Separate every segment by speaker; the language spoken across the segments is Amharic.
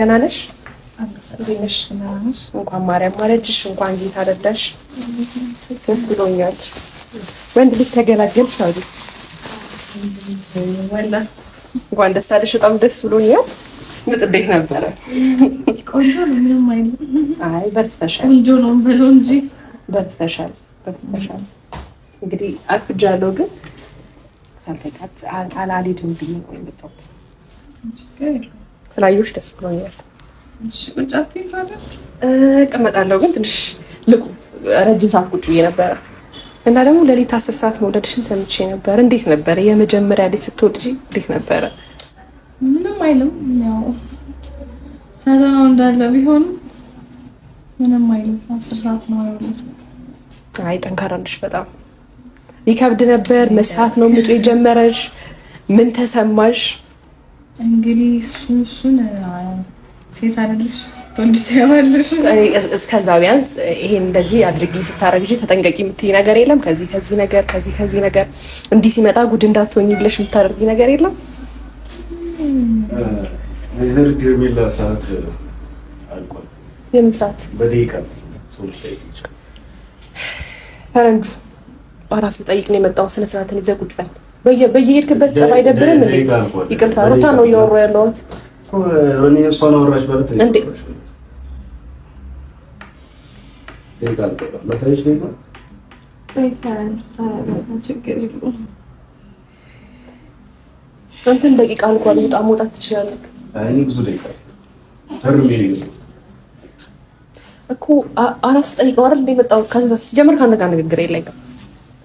Speaker 1: ደህና ነሽ? እንኳን ማርያም ማረችሽ፣ እንኳን ጌታ ረዳሽ። ደስ ብሎኛል። ወንድ ልጅ ተገላገልሽ አሉ። እንኳን ደስ አለሽ። በጣም ደስ ብሎኛል።
Speaker 2: ምጥ እንዴት ነበረ? ቆንጆ ነው። ምንም አይልም።
Speaker 1: አይ በርትተሻል።
Speaker 2: ቆንጆ ነው በለው እንጂ
Speaker 1: በርትተሻል፣ በርትተሻል። እንግዲህ አርፍጃለሁ፣ ግን ሳልተቃት አላሊድም ብዬ ነው የመጣሁት ስላየሁሽ ደስ ብሎኛል። እቀመጣለሁ ግን ትንሽ ልቁ ረጅም ሰዓት ቁጭ ብዬ ነበረ እና ደግሞ ለሊት አስር ሰዓት መውደድሽን ሰምቼ ነበር። እንዴት ነበረ? የመጀመሪያ ሌት ስትወድጂ እንዴት ነበረ?
Speaker 2: ምንም አይልም። ያው ፈተናው እንዳለ ቢሆንም ምንም አይልም። አስር ሰዓት ነው።
Speaker 1: አይ ጠንካራ ነሽ በጣም ይከብድ ነበር። መስሳት ነው ምጡ የጀመረሽ ምን ተሰማሽ?
Speaker 2: እንግዲህ እሱን እሱን ሴት አይደለሽ ስትወልድ ታያለሽ።
Speaker 1: እስከዛ ቢያንስ ይሄን እንደዚህ አድርጊ ስታረግጂ ተጠንቀቂ የምትይ ነገር የለም። ከዚህ ከዚህ ነገር ከዚህ ከዚህ ነገር እንዲህ ሲመጣ ጉድ እንዳትሆኝ ብለሽ የምታደርጊ ነገር የለም።
Speaker 3: ወይዘሪት ሄርሜላ ሰዓት
Speaker 1: አልቋል። የምን ሰዓት? በደቂቃ ፈረንጁ አራስ ልጠይቅ ነው የመጣው። ስነ ስርዓትን ይዘህ በየሄድክበት ጸብ አይደብርም ይቅርታ ሩታ ነው እያወራ ያለሁት። እንትን ደቂቃ እንኳን በጣም መውጣት ትችላለህ እኮ አራት ስጠይቀው አይደል እንደ መጣሁ። ከዛ ስጀምር ከአንተ ጋር ንግግር የለኝም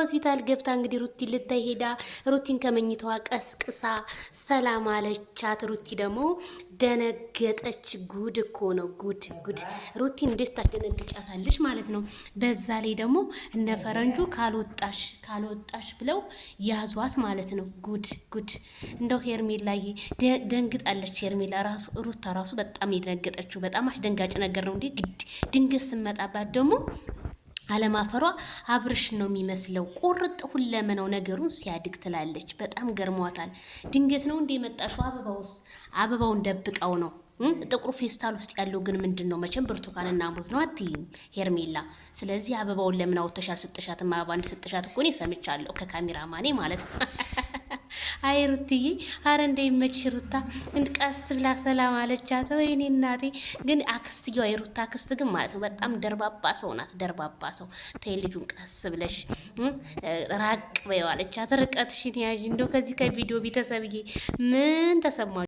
Speaker 4: ሆስፒታል ገብታ እንግዲህ ሩቲ ልታይ ሄዳ ሩቲን ከመኝተዋ ቀስቅሳ ሰላም አለቻት። ሩቲ ደግሞ ደነገጠች። ጉድ እኮ ነው ጉድ ጉድ። ሩቲ እንዴት ታደነግጫታለች ማለት ነው። በዛ ላይ ደግሞ እነ ፈረንጁ ካልወጣሽ ካልወጣሽ ብለው ያዟት ማለት ነው። ጉድ ጉድ። እንደው ሄርሜላዬ ደንግጣለች። ሄርሜላ ራሱ ሩታ ራሱ በጣም የደነገጠችው በጣም አስደንጋጭ ነገር ነው። እንዴ ድንገት ስመጣባት ደግሞ አለማፈሯ አብርሽ ነው የሚመስለው። ቁርጥ ሁለመናው ነገሩን ሲያድግ ትላለች። በጣም ገርሟታል። ድንገት ነው እንዴ የመጣሽው አበባውስ? አበባውን ደብቀው ነው። ጥቁሩ ፌስታል ውስጥ ያለው ግን ምንድን ነው? መቼም ብርቱካንና ሙዝ ነው አትይም ሄርሜላ። ስለዚህ አበባውን ለምን አውጥተሽ ስጥሻትም አበባ እንደሰጠሻት እኮ እኔ ሰምቻለሁ ከካሜራማኔ ማለት ነው። አይ ሩትዬ፣ አረ እንደይመችሽ ሩታ። ቀስ ብላ ሰላም አለቻት። ወይኔ እናቴ ግን አክስትየዋ የሩታ አክስት ግን ማለት ነው በጣም ደርባባ ሰው ናት። ደርባባ ሰው ተይ፣ ልጁን ቀስ ብለሽ ራቅ በይው አለቻት። ርቀትሽን ያዥ። እንደው ከዚህ ከቪዲዮ ቤተሰብዬ ምን ተሰማ?